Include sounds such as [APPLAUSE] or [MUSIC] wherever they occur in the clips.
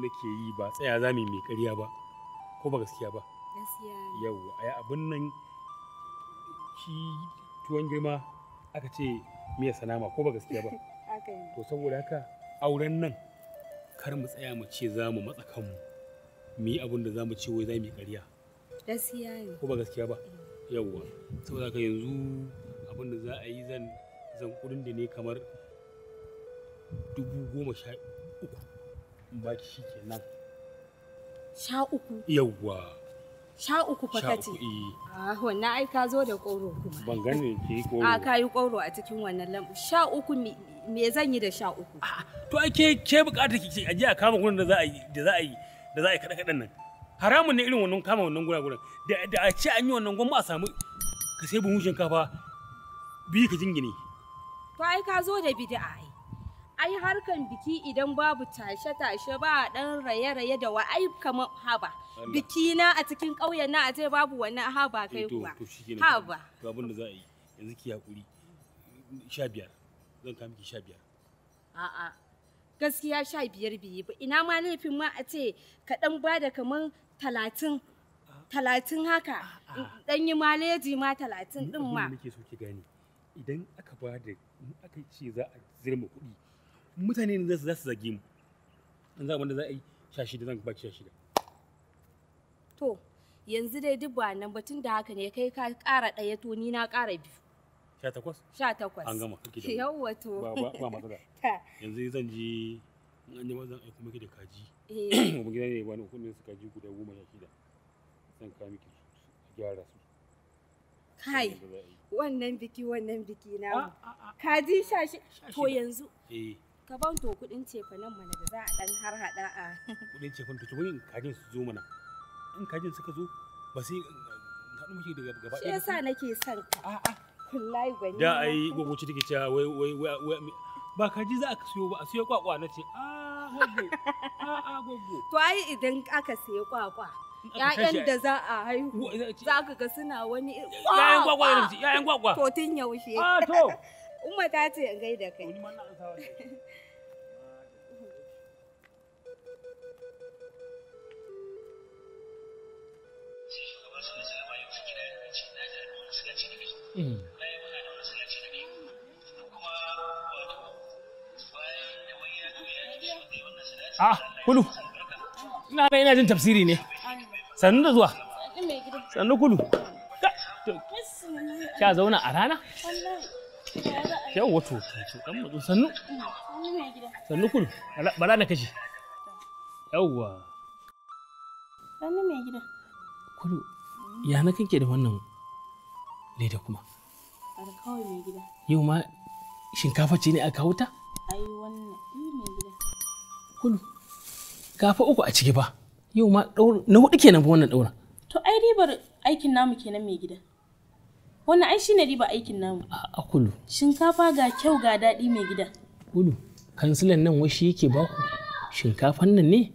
so nake yi ba tsaya za mu mai ƙarya ba ko ba gaskiya ba yau a yi abin nan shi tuwon girma aka ce miya sanama ko ba gaskiya ba [LAUGHS] to saboda haka auren nan kar mu tsaya mu ce za mu matsa kanmu mu yi abin da za mu ce wai za mu yi ƙarya ko ba gaskiya ba eh. yawwa saboda haka yanzu abin da za a yi zan zan kudin da ne kamar dubu goma sha uku baki shi kenan sha uku yawwa sha uku fakati eh. ah wannan ai ka zo da ƙoro kuma ban gane ke ƙoro a ka yi ƙoro a cikin wannan lambu sha uku me zan yi da sha uku to ai ke ke bukata kike aje a kama gurin da za a yi da za a yi da za a yi kada kada nan haramun ne irin wannan kama wannan gura gura. da da a ce an yi wannan gwamma a samu ka sai buhun shinkafa biyu ka jingine to ai ka zo da bid'a ai ai harkan biki idan babu tashe-tashe ba dan raye-raye da wa ai kamar haba biki na a cikin ƙauyen na a ce babu wannan haba kai eh, kuwa haba to abin da za a yi yanzu ki hakuri sha biyar zan kawo miki sha biyar a'a gaskiya sha biyar biyi ba ina ma laifin ma a ce ka dan bada kamar talatin talatin haka dan yi maleji ma talatin din ma nake so ki gane idan aka bada aka ce za a zirma kuɗi mutane ne za su zage mu an za wanda za a yi sha shida zan baki sha shida to yanzu dai duk ba nan batun da haka ne kai ka ƙara ɗaya to ni na ƙara biyu sha takwas sha takwas an gama kake da yawa to ba matsala [LAUGHS] yanzu zan ji an yi mazan kuma miki da kaji kuma eh. [COUGHS] gidan ne wani hukumin su kaji guda goma sha shida zan kawo miki gyara su kai wannan biki wannan biki na ah, ah, ah. kaji sha shida to yanzu eh. ka ban to kuɗin cefanen mana da za a ɗan har haɗa a [LAUGHS] kuɗin cefanen to kajin su zo mana in kajin suka zo ba sai eh, muke daga gaba ɗaya shi yasa nake son ka a'a wallahi gwani da ai gwagwaci take cewa wai wai wai ba kaji za a siyo ba a siyo kwakwa na ce a gogo a gogo to ai idan aka siyo kwakwa ‘ya'yan da za a haihu eh, za ka ga suna wani ‘ya'yan kwakwa ‘ya'yan kwakwa to tun yaushe ah, [LAUGHS] umma ta ce in gaida kai [LAUGHS] Mm. a ah, kulu ina da ina jin tafsiri ne sannu da zuwa sannu kulu kya zauna a rana yau wato dan matsu sannu sannu kulu Bala na kashi yawwa sannu mai gida kulu ya na kanke da wannan da kuma kawai mai gida yau ma shinkafa ce ne a kawo ta ai wannan mai gida kulu kafa uku a ciki ba yau ma na hudu kenan ba wannan ɗaurin to ai ribar aikin namu kenan mai gida wannan ai shine riba aikin namu a kulu shinkafa ga kyau ga daɗi mai gida kulu kansilan nan washi yake baku shinkafan nan ne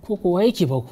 ko kowa yake baku